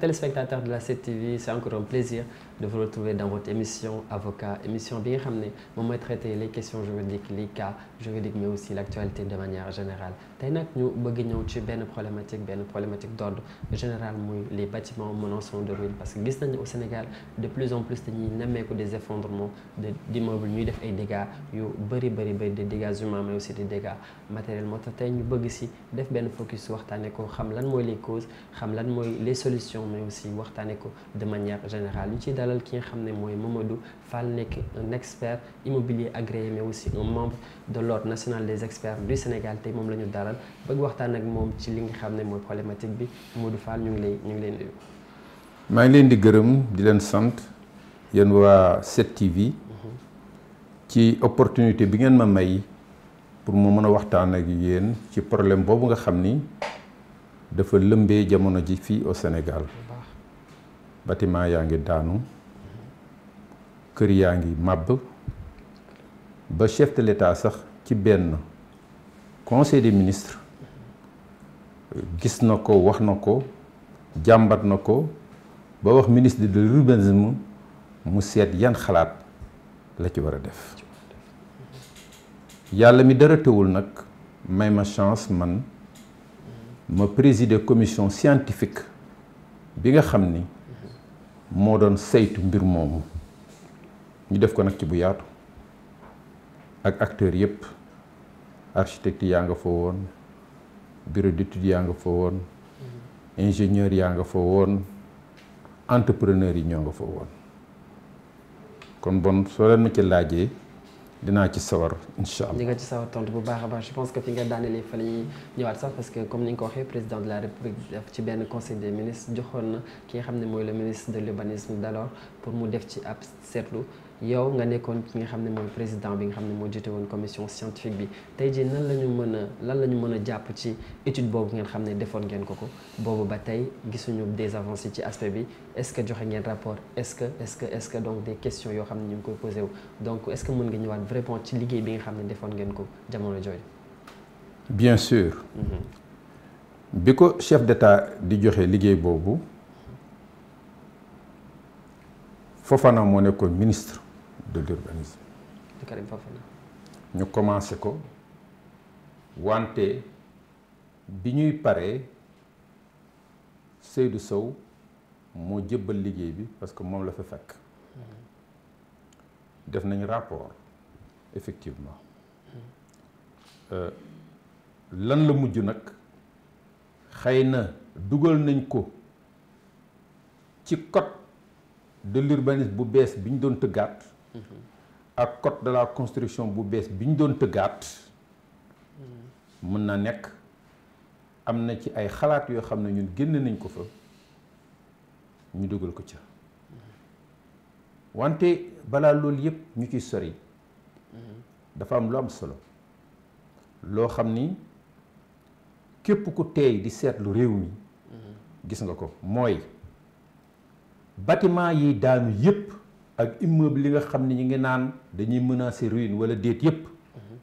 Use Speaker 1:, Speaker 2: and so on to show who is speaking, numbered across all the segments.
Speaker 1: téléspectateurs de la 7TV c' est encore un plaisir de vous retrouver dans votre émission avocat émission bi nga xam ne moom mooy traiter les questions juridiques les cas juridiques mais aussi l' actualité de manière générale tey nag ñu bëgg ñëw ci benn problématique benn problématique d'ordre général muy les bâtiments menaçants de ruine parce que gis nañu au Sénégal de plus en plus dañuy nemmeeku des effondrements de d'immeubles ñuy def ay dégâts yu bëri bëri bëri des dégâts humains mais aussi des dégâts matériels moo tax tey ñu bëgg si def benn focus waxtaanee ko xam lan mooy les causes xam lan mooy les solution mais aussi waxtaanee ko de manière générale ñu ciy dalal ki nga xam ne mooy Mamadou Fall nekk un expert immobilier agréé mais aussi un membre de l'ordre national des experts du Sénégal tey moom la daral dalal bëgg waxtaan ak moom ci li nga xam ne mooy problématique bi Modou Fall ñu ngi lay ñu ngi lay nuyu.
Speaker 2: maa ngi leen di gërëm di leen sant yéen waa 7TV mhm. ci opportunité bi ngeen ma may pour mu mën a waxtaan ak yéen ci problème boobu nga xam ni dafa lëmbee jamono ji fii au Sénégal bâtiment yaa ngi daanu mhm. kër yaa ngi màbb ba chef de l'État sax ci benn conseil des ministres gis na ko wax na ko jàmbat na ko ba wax ministre de l'urbanisme mu seet yan xalaat la ci war a def yàlla mi dara tëwul nag may ma chance man ma présider commission scientifique bi nga xam ni moo doon saytu mbir moomu ñu def ko nag ci bu yaatu ak acteurs yëpp architecte yaa nga fa woon bureau d'étude yaa nga fa woon mm-hmm. ingénieur yaa nga fa woon entrepreneur yi ñoo nga fa woon kon bon soo leen ma ci laajee dinaa ci sawar incha
Speaker 1: allah. ci sawar tontu bu baax a baax je pense que fi nga daanelee fa la ñëwaat sax parce que comme ni nga ko waxee président de la république ci benn conseil des ministres joxoon na ki nga xam ne mooy le ministre de l'urbanisme d'alors pour mu def ci ab seetlu. yow nga nekkoon ki nga xam ne mooy président bi nga xam ne moo jote woon commission scientifique bi tey jii nan la ñu mën a lan la ñu mën a jàpp ci étude boobu ngeen xam ne defoon ngeen ko ko boobu ba tey gisuñu des avancées ci aspect bi est-ce que joxe ngeen rapport est-ce que est-ce que est-ce que donc des questions yoo xam ne ñu ngi koy posé wu donc est-ce nga ñëwaat vraiment ci liggéey bi nga xam ne defoon ngeen ko jamono jooju.
Speaker 2: bien sûr. Mhm. bi ko chef d'État di joxe liggéey boobu. Fofana moo nekkoon ministre de ñu commencé ko wante bi ñuy paree Seydou Sow moo jëbbal liggéey bi parce que moom la fa fekk
Speaker 3: mm-hmm.
Speaker 2: def nañ rapport effectivement
Speaker 3: mm-hmm.
Speaker 2: euh, lan la mujj nag xëy na dugal nañ ko ci code de l'urbanisme bu bees bi ñu doon tëggaat ak code de la construction bu bees bi ñu doon tëggaat mën na nekk am na ci ay xalaat yoo xam ne ñun génn nañ ko fa ñu dugal ko ca wante balaa loolu yëpp ñu ci sori dafa am lu am solo loo xam ni képp ku teey di seetlu réew mi gis nga ko mooy bâtiment yi daanu yëpp ak immeuble li nga xam ne ñu ngi naan dañuy menacer ruine wala déet yépp mhm.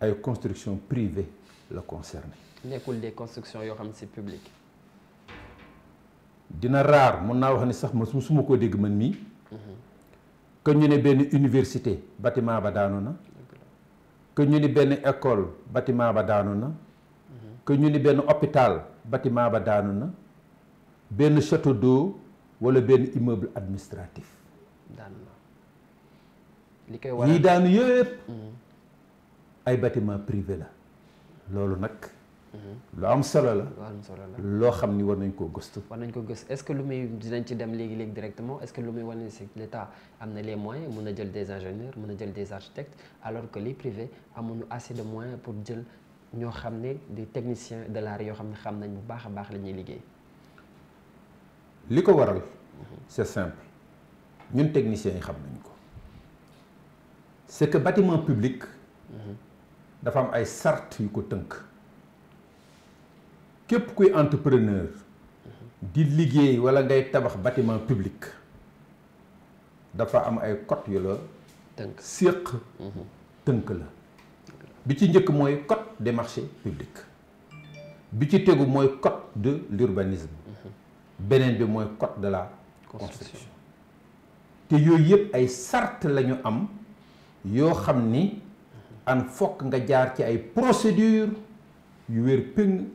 Speaker 2: ay construction privée la concerné
Speaker 1: nekkul des constructions yoo xam ne c'est public
Speaker 2: dina raar mun naa wax ni sax ma suma koo dégg man mii mhm. que ñu ne benn université batiment ba daanu na que ñu ni benn école batiment ba daanu na mhm. que ñu ni benn hôpital batiment ba daanu na benn château do wala benn immeuble administratif.
Speaker 1: daan li koy wax yi daanu yëpp. Mm.
Speaker 2: ay bâtiment privé la. loolu nag. Mm. lu am solo la. lu solo la loo xam ni war nañ koo gëstu.
Speaker 1: war nañ ko gëstu est-ce que lu muy dinañ ci dem léegi léegi directement est-ce que lu muy wane si l'État am na les moyens mun na jël des ingénieurs mun a jël des architectes alors que li privés amuñu assez de moyen pour jël ñoo xam ne des technicien de l'art yoo xam ne xam nañ bu baax a baax la ñuy liggéey.
Speaker 2: li ko waral c'est simple ñun techniciens yi xam nañu ko c'est que bâtiment public dafa am ay sart yu ko tënk képp kuy entrepreneur di liggéey wala ngay tabax batiment publique dafa am ay cot yu la tënk séq tënk la bi ci njëkk mooy code de marchés publics bi ci tegu mooy cot de l'urbanisme beneen bi mooy code de la construction te yooyu yëpp ay sart la ñu am yoo xam ni an fokk nga jaar ci ay procédure yu wér péng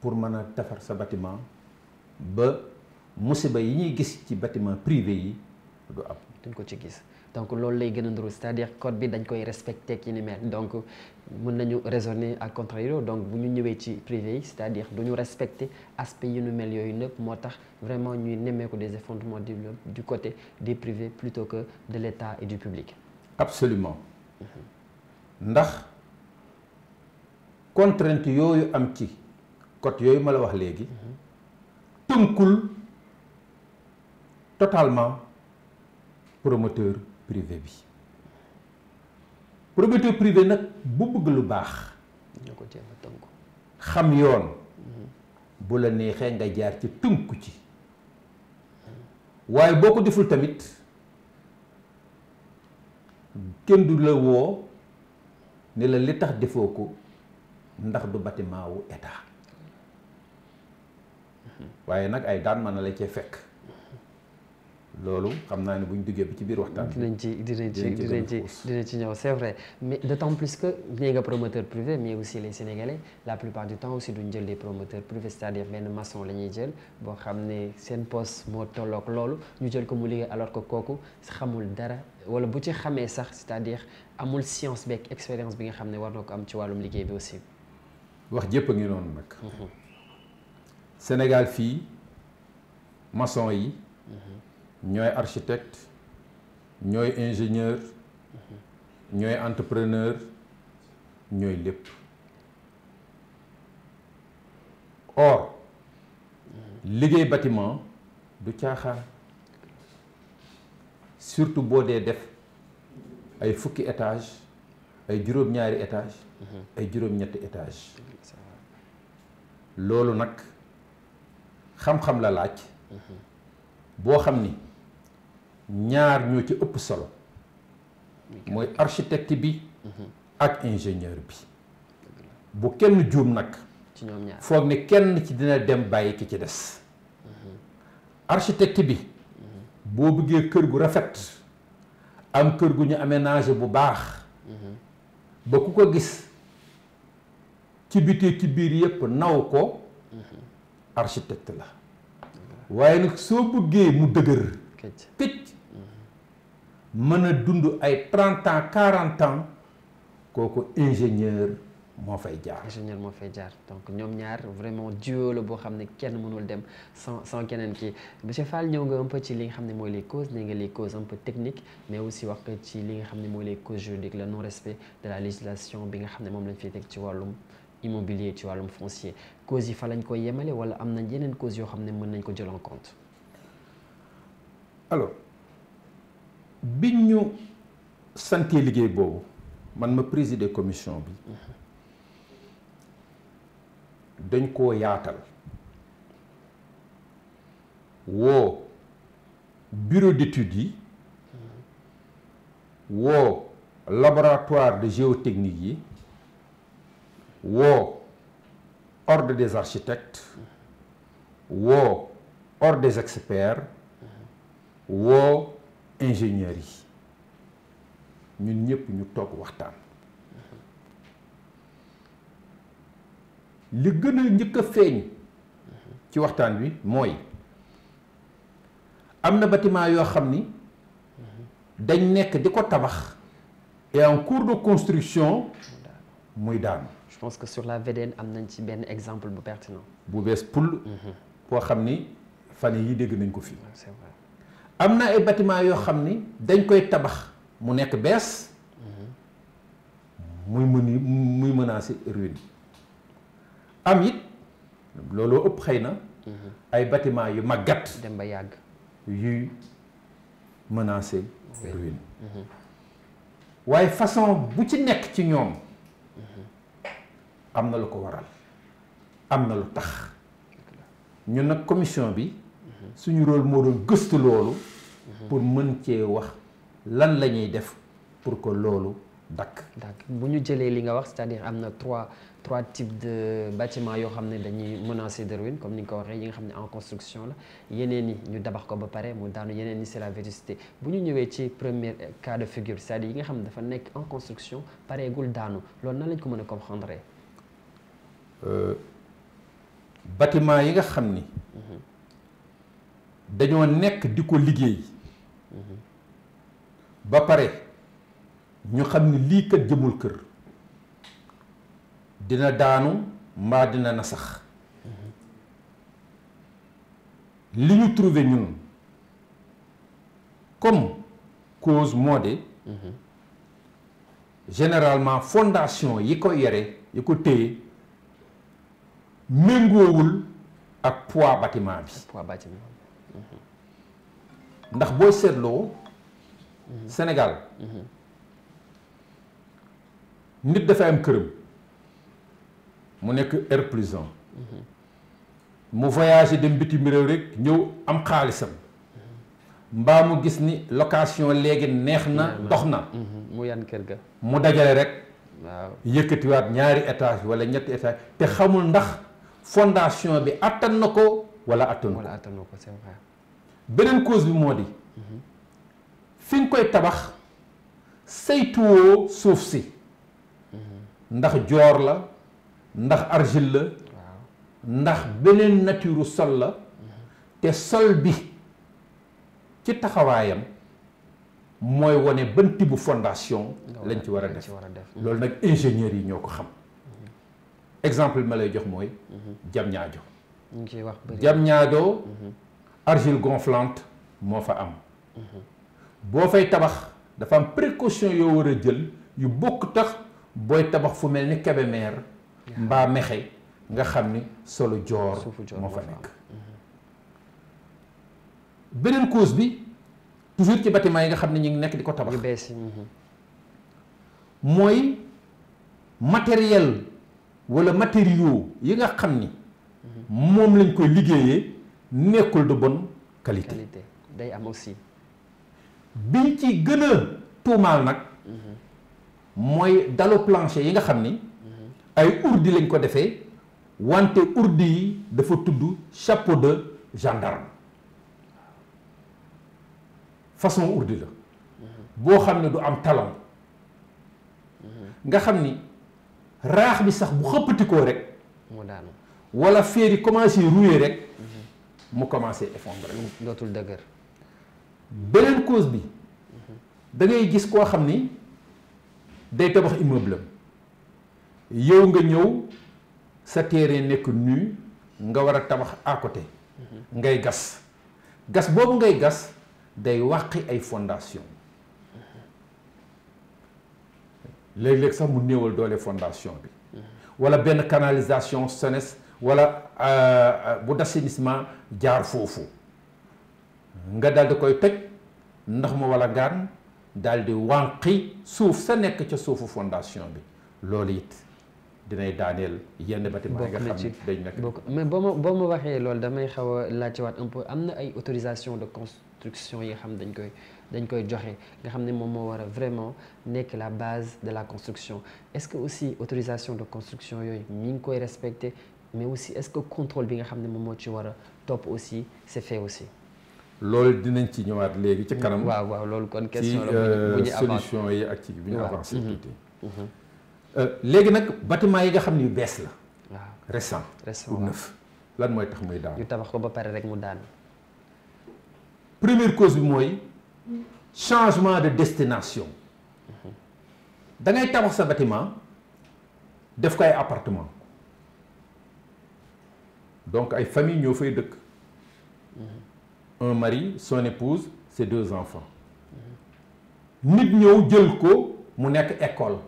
Speaker 2: pour mën a defar sa batiment ba musiba yi ñuy gis ci bâtiment privé yi du am
Speaker 1: duñ ko ci gis donc loolu lay gën a nduru c'est-à-dire code bi dañ koy respecté ak yi ni mel donc mun nañu raisonner à contrario donc bu ñu ñëwee ci privé yi c'est-à-dire du ñu respecté aspect yi nu mel yooyu nëpp moo tax vraiment ñuy nemmeeku des effondrements du du côté des privés plutôt que de l'État et du public.
Speaker 2: absolument ndax contrainte yooyu am ci code yooyu ma la wax léegi tënkul totalement promoteur. privé bi promoteur privé nag bu bëgg lu baax xam yoon mm-hmm. bu la neexee nga jaar ci tënku ci waaye boo ko deful tamit kenn du la woo ne la li tax defoo ko ndax du bâtiment wu état mm-hmm. waaye nag ay daan mën na la cee fekk loolu xam naa ne buñ ñu duggee
Speaker 1: ci biir waxtaan dinañ ci dinañ ci dinañ ci dinañ ci ñëw c'est vrai mais d'autant plus que nee nga promoteur privé mais aussi les sénégalais la plupart du temps aussi duñ jël des promoteurs privés c'est-à-dire benn maçon la jël boo xam ne seen poste moo tolloog loolu ñu jël ko mu liggéey alors ko kooku xamul dara wala bu ci xamee sax c'est-à-dire amul science beeg expérience bi nga xam ne war na ko am ci wàllum liggéey bi aussi
Speaker 2: wax jëpp a ngi noonu nag mhm. Sénégal yi ñooy architecte ñooy ingénieur ñooy entrepreneur ñooy lépp or liggéey batiment du caaxaan surtout boo dee def ay fukki étage ay juróom-ñaari étage ay juróom-ñetti étage loolu nag xam-xam la laaj mhm. boo xam ni ñaar ñoo ci ëpp solo mooy architecte bi mhm. ak ingénieur bi bu kenn juum nag foog ne kenn ci dina dem bàyyi ki ci des mhm. architecte bi mhm. boo buggee kër gu rafet am kër gu ñu aménagé bu baax ba ku ko gis ci biti ci biir yépp naw ko architecte la waaye nag soo bëggee mu dëgër picc mën a dund ay trente ans quarante ans kooku ingénieur
Speaker 1: moo fay jaar. ingénieur moo fay jaar donc ñoom ñaar vraiment duo la boo xam ne kenn mënul dem sans sans keneen kii monsieur Fall ñëw nga un peu ci li nga xam ne mooy les causes nee nga les causes un peu techniques mais aussi wax nga ci li xam ne mooy les causes juridiques le non respect de la législation bi nga xam ne moom lañ fiy teg ci wàllum immobilier ci wàllum foncier causes yi fa lañ koy yemale wala am nañ yeneen causes yoo xam ne mën nañ ko jël en compte.
Speaker 2: biñ ñu sante liggéey boobu man ma présider commission bi dañ koo yaatal woo bureau d'études yi woo laboratoire de géotechnique yi woo ordre des architectes woo ordre des experts woo ingénieurs yi ñun ñëpp ñu toog waxtaan li gën a njëkk a feeñ ci waxtaan wi mooy am na batiment yoo xam ni
Speaker 1: dañ nekk di ko tabax et en cours de construction muy daanu. je pense que sur la VDN am nañ ci benn exemple bu pertinent.
Speaker 2: bu bees pull. Mhm. boo xam ni fan yi dégg nañ ko fi. c'est
Speaker 1: am na ay batiment yoo xam ni
Speaker 2: dañ koy tabax mu nekk bees muy mën muy menacer ruine am it looloo ëpp xëy na ay batiment yu màggat dem ba yàgg yuy menacer ruine mhm. waaye façon bu ci nekk ci ñoom mhm. am na lu ko waral am na lu tax ñun nag commission bi suñu rôle moo doon gëstu loolu pour mën cee wax lan la ñuy def pour que loolu dakk dakk
Speaker 1: bu ñu jëlee li nga wax cest à am na trois trois types de bâtiments yoo xam ne dañuy menacé de ruine comme ni nga ko waxee yi nga xam ne en construction la yeneen yi ñu dabax ko ba pare mu daanu yeneen yi c'est la vétusté bu ñu ñëwee ci premier cas de figure cest à yi nga xam ne dafa nekk en construction pareegul daanu loolu nan lañ ko mën a comprendre euh, bâtiment yi nga xam ni mhm.
Speaker 2: dañoo nekk di ko liggéey ba pare ñu xam ni lii kat jëmul kër dina daanu mbaa dina nasax li ñu trouve ñun comme cause moo de généralement fondation yi ko yore yi ko téye méngoowul ak poids bâtiment bi ndax boo seetloo Sénégal nit dafay am këram mu nekk R plus mu voyagé dem bitim réew rek ñëw am xaalisam mbaa mu gis ni location léegi neex na dox na
Speaker 1: mhm. mu yan kër ga mu dajale rek
Speaker 2: waaw yëkkatiwaat ñaari étage wala ñetti étage te xamul ndax fondation bi àttan na ko wala attanu ko ko c'est beneen cause bi moo di. fi nga koy tabax saytuwoo suuf si. ndax joor la ndax argile la. ndax beneen nature sol la. te sol bi ci taxawaayam mooy wane ban tibb fondation. lañ ci war a def loolu nag ingénieurs yi ñoo ko xam. exemple ma lay jox mooy. jam mhm. ñaajo
Speaker 1: ñu ngi ciy wax bëri
Speaker 2: jam ñaadoo mhm. argile gonflante moo fa am. Mhm. boo fay tabax dafa am précaution yoo war a jël yu bokk tax booy tabax fu mel ni Kébémer mbaa mexe nga xam ni solo joor moo fa nekk mhm. beneen cause bi toujours ci bâtiment yi nga
Speaker 1: xam ne ñu ngi nekk di ko tabax
Speaker 2: mooy matériel wala matériaux yi nga xam ni moom lañ koy liggéeyee nekkul du bon qualité. qualité day am aussi. biñ ci gën a tuumaal nag. Mhm. mooy dalu plancher yi nga xam ni. Mhm. ay urdi lañ ko defee wante urdi yi dafa tudd chapeau de gendarme façon urdi la. Mhm. boo xam ne du am talon. nga xam ni raax bi sax bu xëppatikoo rek. daanu wala fer yi commencé rouiller rek mu commencé effondré dootul dëgër beneen cause bi da ngay gis koo xam ni day tabax immeuble am yow nga ñëw sa terrain nekk nu nga war a tabax à côté ngay gas gas boobu ngay gas day wàqi ay fondation léeg-léeg sax mu néewal doole fondation bi wala benn canalisation SONES wala euh, bu d'assainissement jaar foofu nga daal di koy toj ndox ma wala gaan daal di wànqi suuf sa nekk ca suufu fondation bi loolu it dinay daaneel yenn bâtiment yi nga xam ne dañ nekk
Speaker 1: mais boo ma boo ma waxee loolu damay xaw a laajewaat un am na ay autorisation de construction yi nga xam dañ koy dañ koy joxe nga xam ne moom moo war a vraiment nekk la base de la construction est-ce que aussi autorisation de construction yooyu ñi ngi koy respecter mais aussi est-ce que contrôle bi nga xam ne moom moo ci war topp aussi c'est fait aussi.
Speaker 2: loolu dinañ ci ñëwaat léegi ci kanam. waaw waaw loolu kon question la bu euh, ñu solution yi ak ci bi ñu avancé
Speaker 3: mhm. tuuti. Mhm.
Speaker 1: Euh, léegi
Speaker 2: nag bâtiment yi nga xam ne yu bees la. waaw récent. récent ou lan mooy tax muy daan. yu tabax ko ba pare rek mu daan. première cause bi mooy changement de destination. Mhm. da ngay tabax sa bâtiment def koy appartement. donc ay famille ñoo fay dëkk
Speaker 3: mm-hmm.
Speaker 2: un mari son épouse ses deux enfants nit ñëw jël ko mu nekk école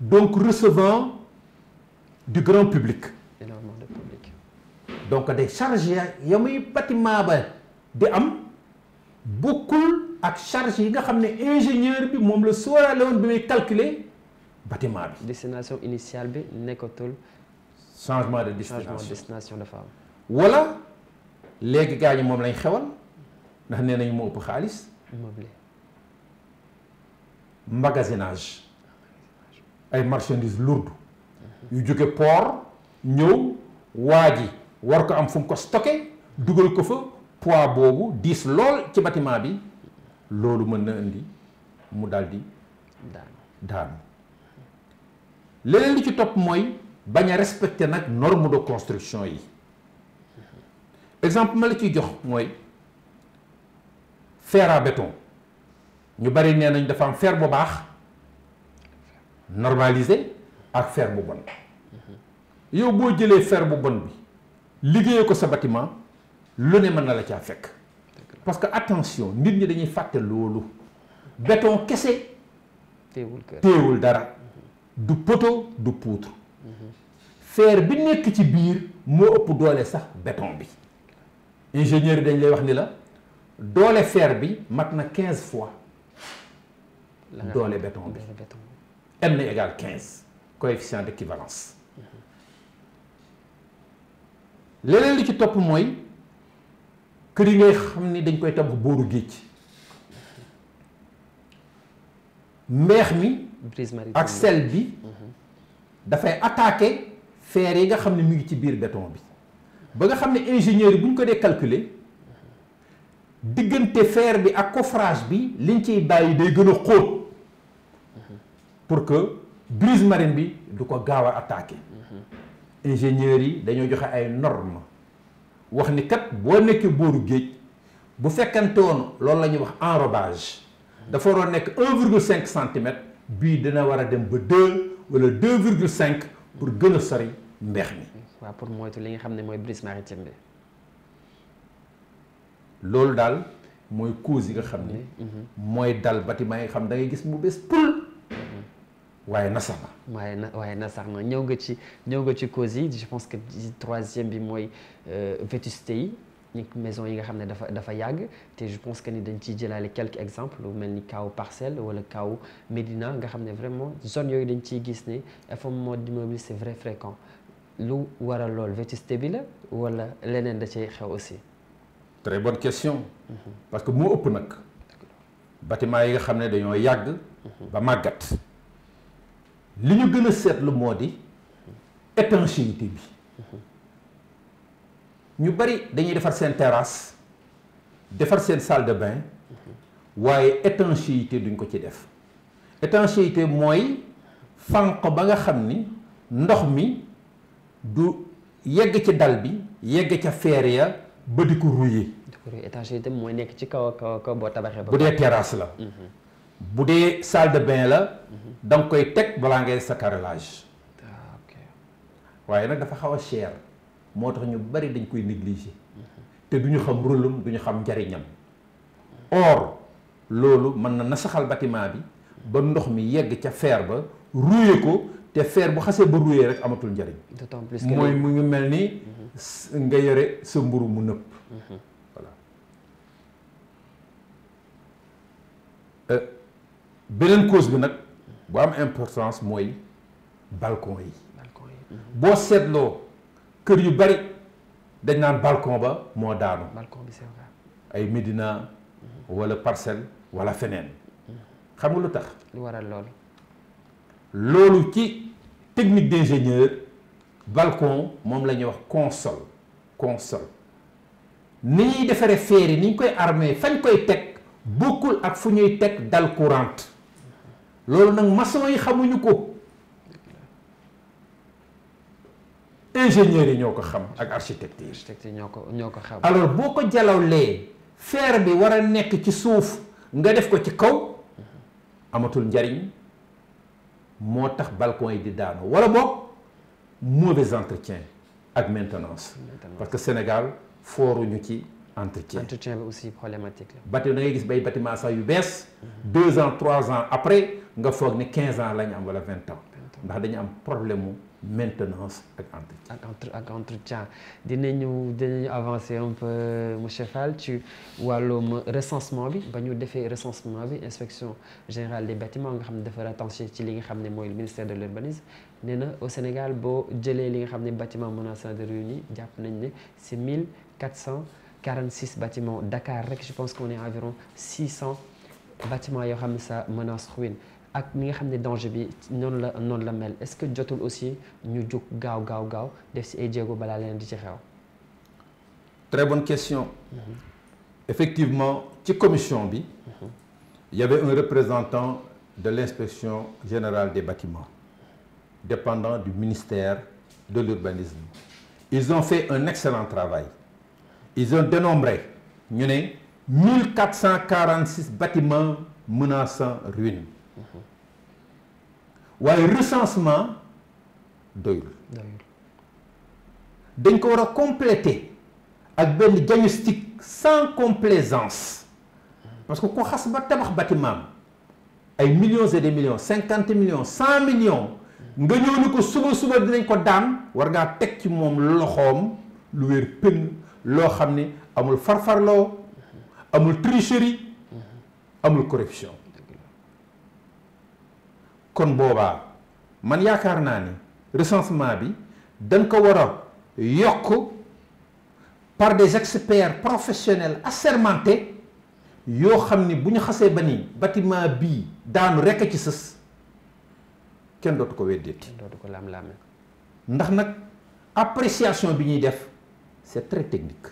Speaker 2: donc recevant du grand public
Speaker 3: énormément de public
Speaker 2: donc day charge ya muy bâtiment ba di am bokkul ak charge yi nga xam ne ingénieur bi moom la sóoraale woon bi muy calculer
Speaker 1: bâtiment bi destination initiale bi nekkatul changement de destination changement de destination dafa
Speaker 2: wala léegi gaa yi moom lañ xewal ndax nee nañ moo ëpp xaalis. magasinage ay marchandises lourdes. yu jóge port ñëw waa ji war ko am fu mu ko stocké dugal ko fa pois boobu diis lool ci bâtiment bi loolu mën na indi mu daldi daanu daanu leneen ci topp mooy. bañ a respecter nag norme de construction yi exemple ma la ciy jox mooy fer béton ñu bari nee nañ dafa am fer bu baax normalisé ak fer bu bon yow boo jëlee fer bu bon bi liggéeyee ko sa bâtiment lu ne mën na la caa fekk parce que attention nit ñi dañuy fàtte loolu béton kese
Speaker 3: téewul
Speaker 2: dara du poteau du poutre fer bi nekk ci biir moo ëpp doole sax béton bi ingénieur yi dañ lay wax ni la doole fer bi mat na quinze fois doole béton bi m égale quinze coefficient d'équivalence leneen li ci topp mooy kër yi ngay xam ni dañ koy tabax booru géej meex mi ak sel bi dafay attaquer fer yi nga xam ne mu ngi ci biir béton bi ba nga xam ne ingénieur yi bu ñu ko dee calculer diggante fer bi ak coffrage bi liñ ciy bàyyi day gën a xóot pour que brise marine bi du ko gaaw a attaquer yi dañoo joxe ay normes wax ni kat boo nekkee booru géej bu fekkante woon loolu la ñuy wax enrobage dafa waroon nekk cinq centimètre bii dina war a dem ba 2. wala deux virgule cinq pour gën a sari mbeex mi.
Speaker 1: waaw pour moytu li nga xam ne mooy brise maritime bi.
Speaker 2: loolu daal mooy cause yi nga xam ne. Mm-hmm. Mm-hmm. mooy dal bâtiment yi xam da ngay gis mu bees pul. Mm-hmm. waaye na sax
Speaker 1: na. waaye na waaye na sax na ñëw nga ci ñëw nga ci cause yi je pense que troisième bi mooy euh, vétusté yi. ñi maison yi nga xam ne dafa dafa yàgg te je pense que ni dañ ciy jëlaale quelques exemples lu mel ni kaw parcel wala kaw Médina nga xam ne vraiment zone yooyu dañ ciy gis ni ne effondrement d'immeuble c'est vrai fréquent lu waral lool vétusté bi la wala leneen da cay xew aussi.
Speaker 2: très bonne question. Mhm. parce que moo ëpp nag. bâtiment yi nga xam ne dañoo yàgg. Mhm. ba màggat. li ñu gën a seetlu moo di mhm. étanchéité bi. ñu bari dañuy defar seen terrasse defar seen salle de bain waaye étanchéité duñ ko ci def étanchéité mooy fànq ba nga xam ni ndox mi du yegg ci dal bi yegg ca feer ya ba di
Speaker 1: ko ruye étanchéité
Speaker 2: mooy nekk ci kaw kaw kaw boo tabaxee ba bu dee terrasse la mhm. bu dee salle de bain la mhm. da koy teg balaa ngay sa carrelage ah, waaye nag dafa xaw a cher moo tax ñu bari dañ koy négliger te duñu xam rôlam du ñu xam njariñam or loolu mën na nasaxal bâtiment bi ba ndox mi yegg ca feer ba rouillé ko te feer bu xasee ba rouillé rek amatul njariñ
Speaker 1: d'autant plus que mooy mu
Speaker 2: ngi mel ni mhm. nga yore sa mburu mu nëpp mhm. euh, beneen cause bi nag bu am importance mooy balkon yi yi mhm. boo seetloo kër yu bari dañ naan balcon ba moo daanu. balcon bi ay Médina wala parcelle wala feneen xam lu tax. lu waral loolu. loolu ci technique d'ingénieur balcon moom la ñuy wax console console ni ñuy defaree fer yi ni ñu koy armé fañ koy teg bokkul ak fu ñuy teg dalle courante loolu nag maçon yi xamuñu ko. ingénieurs yi ñoo ko xam
Speaker 1: ak architecte yi. ñoo ko ñoo ko xam. alors
Speaker 2: boo ko jalawlee fer bi war a nekk ci suuf nga def ko ci kaw amatul njariñ moo tax balcon yi di daanu wala boog mauvais entretien ak maintenance. parce que Sénégal fooruñu ci entretien. entretien bi aussi problématique bati bâtiment ngay gis bay bâtiment sax yu bees. deux ans trois ans après nga foog ni quinze ans la ñu am wala vingt ans. ndax dañu am problème mu. maintenance ak entretien.
Speaker 1: ak entre ak entretien dinañu dinañu avancer un peu monsieur Fall ci wàllum recensement bi ba ñu defee recensement bi inspection générale des bâtiments nga xam ne dafa rattaché ci li nga xam ne mooy le ministère de l'urbanisme nee na au Sénégal boo jëlee li nga xam ne bâtiment menaçant de ruine yi jàpp nañ ne c'est mille quatre cent quarante six bâtiments Dakar rek je pense qu'on est environ six cent bâtiments yoo xam ne ça menace ruine. ak mi nga xam ne danger bi noonu la noonu la mel est-ce que jotul aussi ñu jóg gaaw gaaw gaaw def ci ay jéego balaa leen di ci xew. très bonne
Speaker 2: question. Mhm. effectivement ci commission bi.
Speaker 3: Mm -hmm.
Speaker 2: y avait un représentant de l'inspection générale des bâtiments dépendant du ministère de l'urbanisme ils ont fait un excellent travail ils ont dénombré ñu ne 1446 bâtiments menaçant ruine. Mhm. waaye recensement
Speaker 3: doyul. doyul
Speaker 2: dañ ko war a compléter ak benn diagnostic sans complaisance parce que ku xas ba tabax bâtiment ay millions et des millions cinquante millions cent millions nga ñëw ni ko suba suba dinañ ko daan war ngaa teg ci moom loxoom lu wér pëng loo xam ni amul farfarloo amul tricherie amul corruption kon boobaa man yaakaar naa ni recensement bi dañ ko war a yokk par des experts professionnel assermentés yoo xam ni bu ñu xasee ba ni bâtiment bii daanu rekk ci sës kenn dootu ko weddeeti dootu ko lam-laame ndax nag appréciation bi ñuy def c'est très technique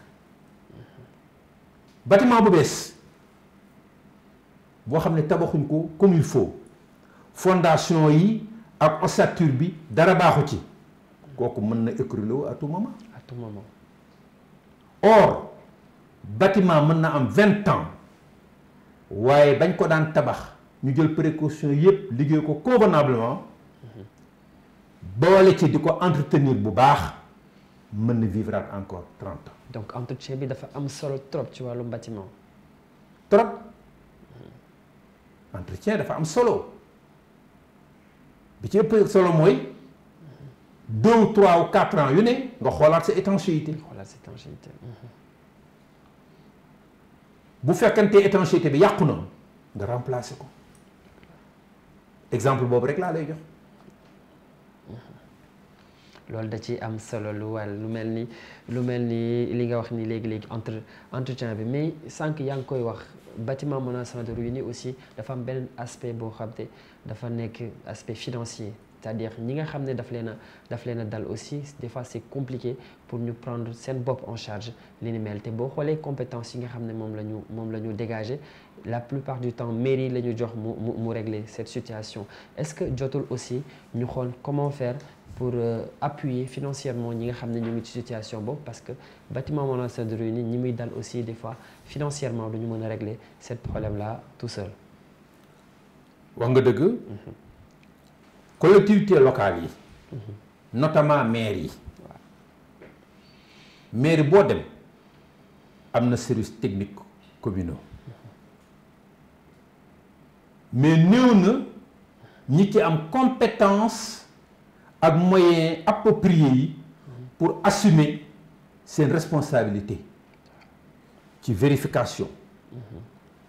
Speaker 2: batiment bu bees boo xam ne tabaxuñ ko comme il faut fondation yi ak ossature bi dara baaxu ci kooku mën na écrouler wu à tout moment. à tout moment. or bâtiment mën na am vingt ans waaye bañ ko daan tabax ñu jël précaution yépp liggéey ko convenablement boole ci di ko entretenir bu baax mën na vivre encore trente
Speaker 1: donc entretien bi dafa am solo trop ci wàllu bâtiment. trop entretien dafa am solo. bi ci ëpp solo mooy
Speaker 2: deux ou trois ou yu ne nga xoolaat sa étanchéité.
Speaker 1: xoolaat sa mm-hmm.
Speaker 2: bu fekkante étanchéité bi yàqu na nga remplacer ko exemple boobu rek laa lay jox.
Speaker 3: Mm-hmm.
Speaker 1: loolu da ci am solo lu wàll lu mel ni lu mel ni li nga wax ni léegi léegi entre entretien bi mais sànq yaa ngi koy wax bâtiment menaçant de ruine aussi dafa am beneen aspect boo xam te dafa nekk aspect financier c'est-à-dire ñi nga xam ne daf leen a daf leen a dal aussi des fois c'est compliqué pour ñu prendre seen bopp en charge li ni te boo xoolee compétence yi nga xam ne moom la ñu moom la ñu dégagé la plupart du temps mairie la ñu jox mu mu mu régler cette situation est-ce que jotul aussi ñu xool comment faire pour euh, appuyer financièrement ñi nga xam ne ñu ngi ci situation boobu parce que bâtiment Monastère de Ruyne ñi muy dal aussi des fois financièrement du ñu mën a régler ce problème la tout seul.
Speaker 3: wax nga dëgg. collectivités locales
Speaker 2: yi. notamment maires yi. maire boo dem am na service technique communaux mais néew na ñi ci am compétence ak moyens appropriés yi pour assumer seen responsabilité ci vérification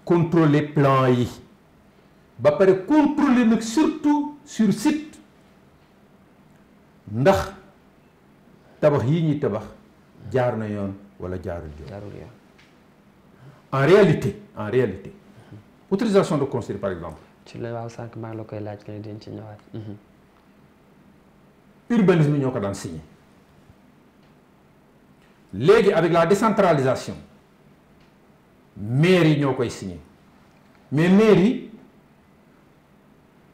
Speaker 2: contrôler plan yi ba pare contrôler nag surtout sur site ndax tabax yi ñuy tabax jaar na yoon wala jaarul yoon en réalité en réalité mm-hmm. autorisation de construire par exemple
Speaker 1: ci la waaw sànq maa la koy laaj kay ci ñëwaat
Speaker 2: mm-hmm. urbanisme ñoo ko daan signé léegi avec la décentralisation mairie ñoo koy signé mais mairie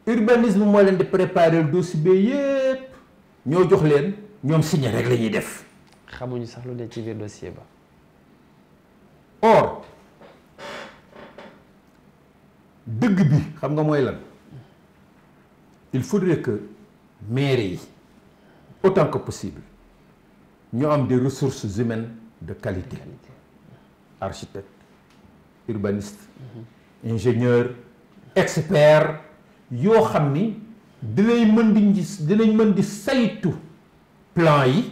Speaker 2: urbanisme moo leen di préparer dossier bi yépp ñoo jox leen ñoom signé rek la ñuy def.
Speaker 1: xamuñu sax lu ne ci biir dossier ba. or
Speaker 2: dëgg bi xam nga mooy lan il faut que mairie yi. autant que possible ñu am des ressources humaines de qualité architecte urbaniste
Speaker 3: mhm.
Speaker 2: ingénieur expert yoo xam ni dinañ mën di dinañ mën di saytu plan yi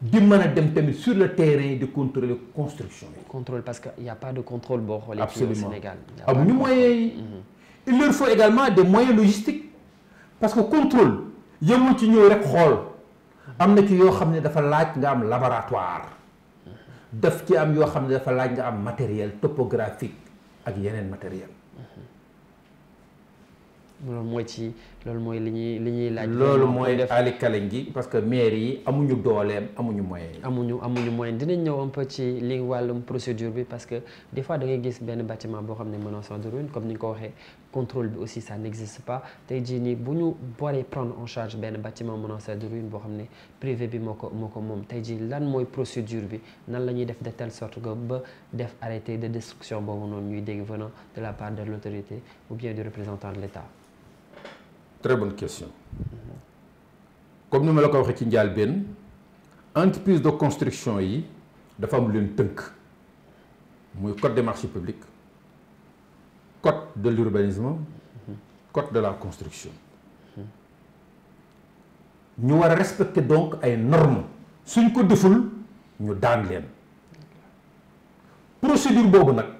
Speaker 2: di mën a dem tamit sur
Speaker 1: le terrain di contrôler construction yi. contrôle parce que y' a pas de contrôle boo xoolee. au Sénégal absolument mhm. il leur faut également des moyens logistiques parce que contrôle.
Speaker 2: yëmul ci ñëw rek xool am na ci yoo xam ne dafa laaj nga am laboratoire daf ci am yoo xam ne dafa laaj nga am matériel topographique ak yeneen
Speaker 1: matériel loolu mooy li ñuy li ñuy laaj. loolu mooy
Speaker 2: Ali Kalen gi parce que maire yi amuñu dooleem amuñu moyen
Speaker 1: amuñu amuñu moyen dinañ ñëw un peu ci li bi parce que des fois da ngay gis benn bâtiment boo xam ne menace de ruine comme ni ko waxee contrôle aussi ça n'existe pas tey jii nii bu ñu boree prendre en charge benn bâtiment menace de ruine boo xam ne privé bi moo ko moo ko moom tey ji lan mooy procédure bi nan la ñuy def de tell sorte que ba def arrêté de destruction boobu noonu ñuy dégg venant de la part de l'autorité ou bien du représentant de l'État
Speaker 2: très bonne question comme ni ma la ko waxee ci njëlbéen entreprise de construction yi dafa am lu leen tënk muy code des marchés publics code de l'urbanisme de la construction ñu war a respecter donc ay normes suñ ko deful ñu daan leen procédure boobu nag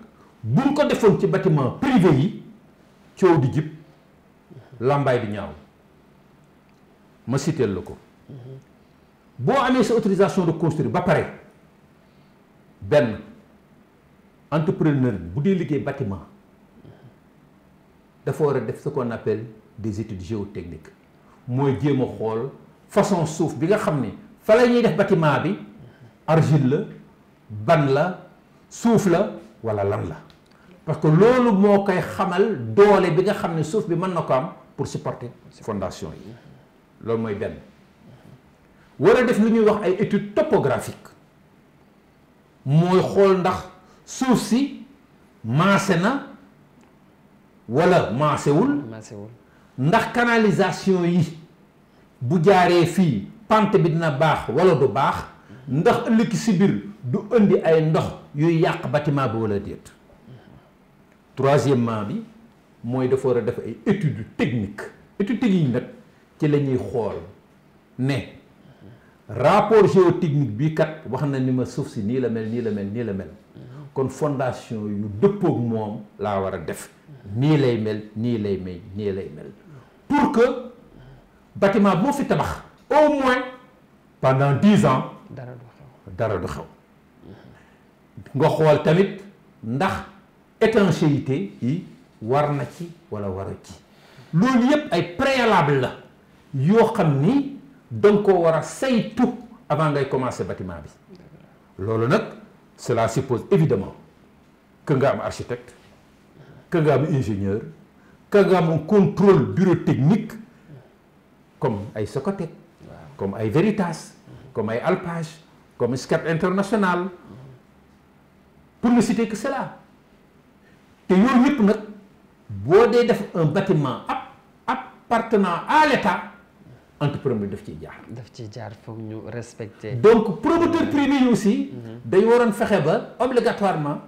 Speaker 2: buñ ko defoon ci batiment privé yi coow di jib làmbaay bi ñaaw ma siteel la ko boo amee sa autorisation de construire ba pare benn entrepreneur bu dee liggéey bâtiment dafa war a def ce qu'on appelle des études géotechniques mooy jéem a xool façon suuf bi nga xam ni fa la ñuy def bâtiment bi argile la ban la suuf la walla lan la parce que loolu moo koy xamal doole bi nga xam ne suuf bi mën na ko am pour supporter fondation yi loolu mooy benn war a def lu ñuy wax ay études topographiques mooy xool ndax suuf si maase na wala maasewul ndax canalisation yi bu jaaree fii pente bi dina baax wala du baax ndax ëllëg si biir du indi ay ndox yuy yàq batiment bi walla déet troisièmement bi mooy dafa war a def ay technique techniques études techniques nag ci la ñuy xool ne rapport géotechnique bii kat wax na ni ma suuf si nii la mel nii la mel nii la mel kon fondation yu moom laa war a def nii lay mel nii lay mel nii lay mel pour que bâtiment boo fi tabax au moins pendant dix ans dara du xew dara du nga xool tamit ndax étanchéité yi war na ci wala waru ci loolu yépp ay préalable la yoo xam ni danga ko war a saytu avant ngay commencer bâtiment bi loolu nag cela suppose évidemment que nga am architecte que nga am ingénieur que nga am contrôle bureau technique comme ay Socotec comme ay Veritas comme ay Alpage comme SCAT International pour ne si que cela te yooyu yépp nag boo dee def un bâtiment ab appartenant à l'État entrepreneur bi daf ci jaar. daf ciy jaar foog ñu respecter. donc promoteur privé yi aussi. Mhm. dañ waroon fexe ba obligatoirement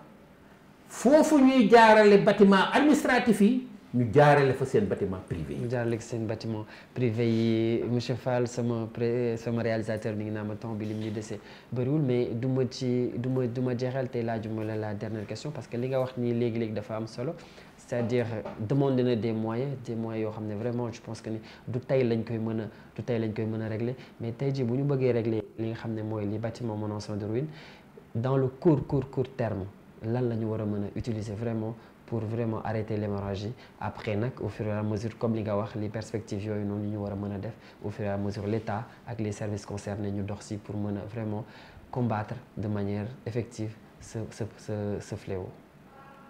Speaker 2: foofu ñuy jaarale bâtiment administratif yi.
Speaker 1: ñu jaarale fa seen bâtiment privé yi. ñu jaarale seen bâtiment privé yi monsieur sama pré sama réalisateur mi ngi naan ma temps bi lim ñu dese bariwul mais du ma ci du ma du ma jeexal te laajuma la la dernière question parce que li nga wax nii léegi-léegi dafa am solo. c'est-à-dire demande na des moyens des moyens yoo xam ne vraiment je pense que ni du tey lañ koy mën a du tey lañ koy mën a régler mais tey jii bu ñu bëggee régler li nga xam ne mooy les bâtiments menaçants de ruine dans le court court court terme lan la ñu war a mën a utiliser vraiment pour vraiment arrêter l'hémorragie après nag au fur et mesure comme li nga wax les perspective yooyu noonu ñu war a mën a def au fur et à mesure l'État ak les services concernés ñu dox si pour mën a vraiment combattre de manière effective ce ce ce ce fléau.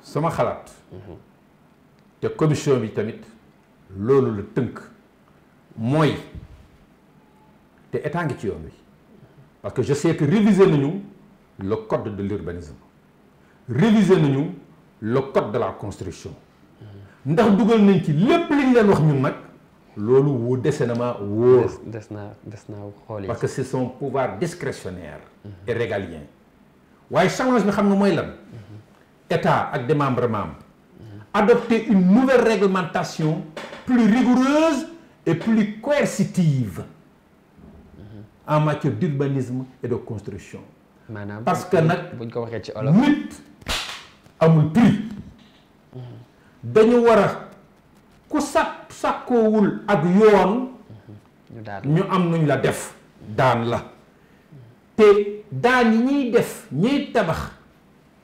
Speaker 1: xalaat.
Speaker 3: Mhm.
Speaker 2: te commission bi tamit loolu la tënk mooy te état ngi ci yoon wi parce que je sais que réviser nañu le code de l'urbanisme réviser nañu le code de la construction ndax dugal nañ ci lépp li ñu leen wax ñun nag loolu wu dese na ma wóor. des na des na xool parce que c'est son pouvoir discrétionnaire. et régalien waaye challenge bi xam na mooy lan. Mhm. état ak démembrement adopter une nouvelle réglementation plus rigoureuse et plus coercitive mmh. en matière d'urbanisme et de construction. parce que nag buñ ko waxee ci olof nit amul prix. Mm-hmm. dañu war a ku sàkk sàkkoowul ak yoon.
Speaker 3: Mm-hmm.
Speaker 2: ñu am nuñ la def daan la. te daan yi ñuy def ñuy tabax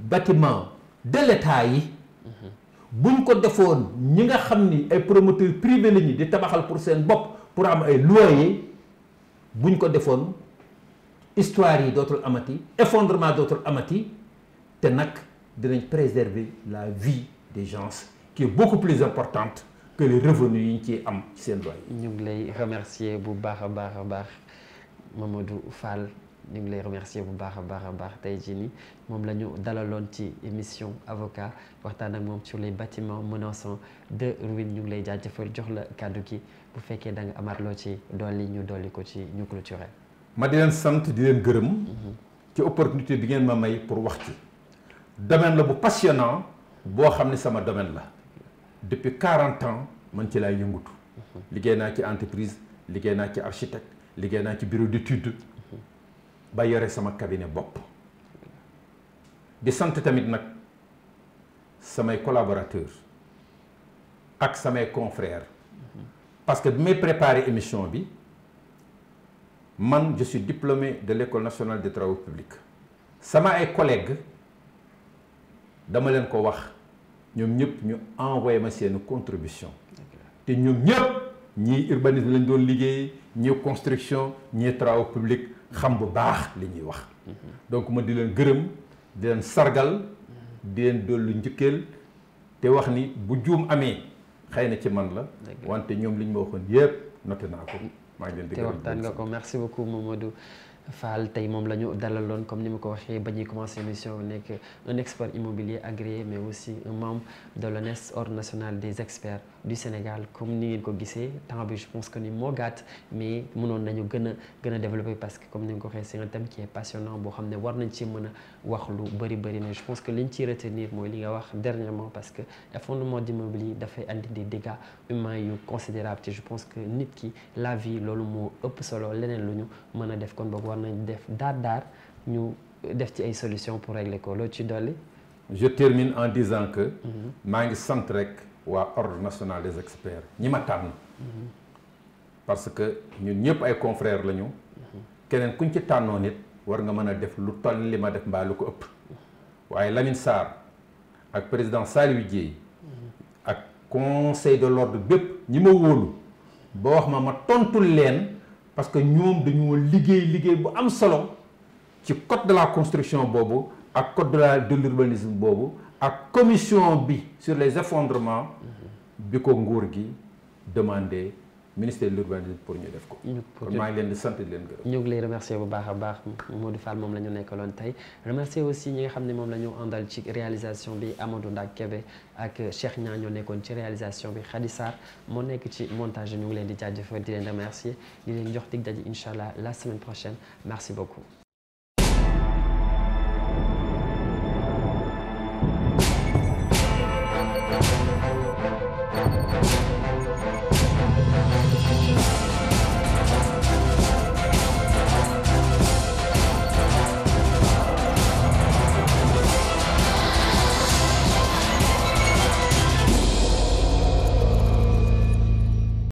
Speaker 2: bâtiment de yi. Mm-hmm. buñ ko defoon ñi nga xam ni ay promoteurs privés la ñu di tabaxal pour seen bopp pour am ay loyer buñ ko defoon histoire yi dootul amati effondrement dootul amati te nag dinañ préserver la vie des gens qui
Speaker 1: est beaucoup plus importante que les yi ñu ciy am ci seen loyer. ñu ngi lay remercier bu baax a baax a baax du Fall. ñu ngi lay remercier bu baax a baax a baax tey jii nii moom la ñu dalaloon ci émission avocat waxtaan ak moom sur les bâtiments menaçants de ruine ñu ngi lay jaajëfal jox la kàddu gi bu fekkee da nga amaat loo ci dolli ñu dolli ko ci ñu clôturer.
Speaker 2: ma di leen sant di leen gërëm. Mhm. ci opportunité bi ngeen ma may pour wax ci. domaine la bu passionnant boo xam ne sama domaine la depuis quarante ans man ci laay yëngutu mhm. liggéey naa ci entreprise liggéey naa ci architecte liggéey naa ci bureau d'étude ba yore sama cabinet bopp di sant tamit nag samay collaborateur ak samay confrères parce que bi may préparer émission bi man je suis de l'école nationale de travaux publics sama ay collègues dama leen ko wax ñoom ñëpp ñu envoyé ma seen contribution te ñoom ñëpp ñi urbanisme lañ doon liggéey ñii construction ñii travaux publics xam bu baax li ñuy wax donc ma di leen gërëm di leen sargal di leen dollu njëkkeel te wax ni bu juum amee xëy na ci man la wante ñoom li ñu ma waxoon yëpp noté naa ko maa ngi leen di gërëm te waxtaan nga ko
Speaker 1: merci beaucoup Mamadou Fall tey moom la ñu dalaloon comme ni ma ko waxee ba ñuy commencé émission nekk un expert immobilier agréé mais aussi un membre de l'ONES ordre national des experts du Sénégal comme ni ngeen ko gisee temps bi je pense que ni moo gàtt mais mënoon nañu gën a développer parce que comme ni nga ko waxee c'est un thème qui est passionnant boo xam ne war nañ ci mën a wax lu bëri bëri mais je pense que liñ ciy retenir mooy li nga wax dernièrement parce que effondrement d'immobilier nit ki la vie loolu moo ëpp lu ñu mën a def kon boog war nañ def daar daar ñu def ci ay solution pour régler ko loolu ci dolli
Speaker 2: je termine en disant que mhm. maa ngi sant rek waa ordre national des experts ñi ma tànn mhm. parce que ñun ñëpp ay confrères lañu mhm. keneen kuñ ci tànnoo nit war nga mën a def lu toll li ma def mbaa lu ko ëpp waaye Lamine Sarr ak président Saliou Dieye ak conseil de l'ordre bépp ñi ma wóolu ba wax ma ma tontul leen parce que ñoom dañoo liggéey liggéey bu am solo ci code de la construction boobu ak code de la de l'urbanisme boobu ak commission bi sur les effondrements bi ko nguur gi demandé ministère de pour ñu
Speaker 1: def ko. kon maa ngi leen
Speaker 2: di
Speaker 1: ñu ngi lay remercier bu baax a baax Modou Fall moom la nekk nekkaloon tey remercier aussi ñi nga xam ne moom la ñu àndal ci réalisation bi Amadou Ndak Kébé ak Cheikh Niang ñoo nekkoon ci réalisation bi Khady Sarr moo nekk ci montage ñu ngi leen di jaajëfal di leen remercier di leen jox dig daje incha allah la semaine prochaine merci beaucoup.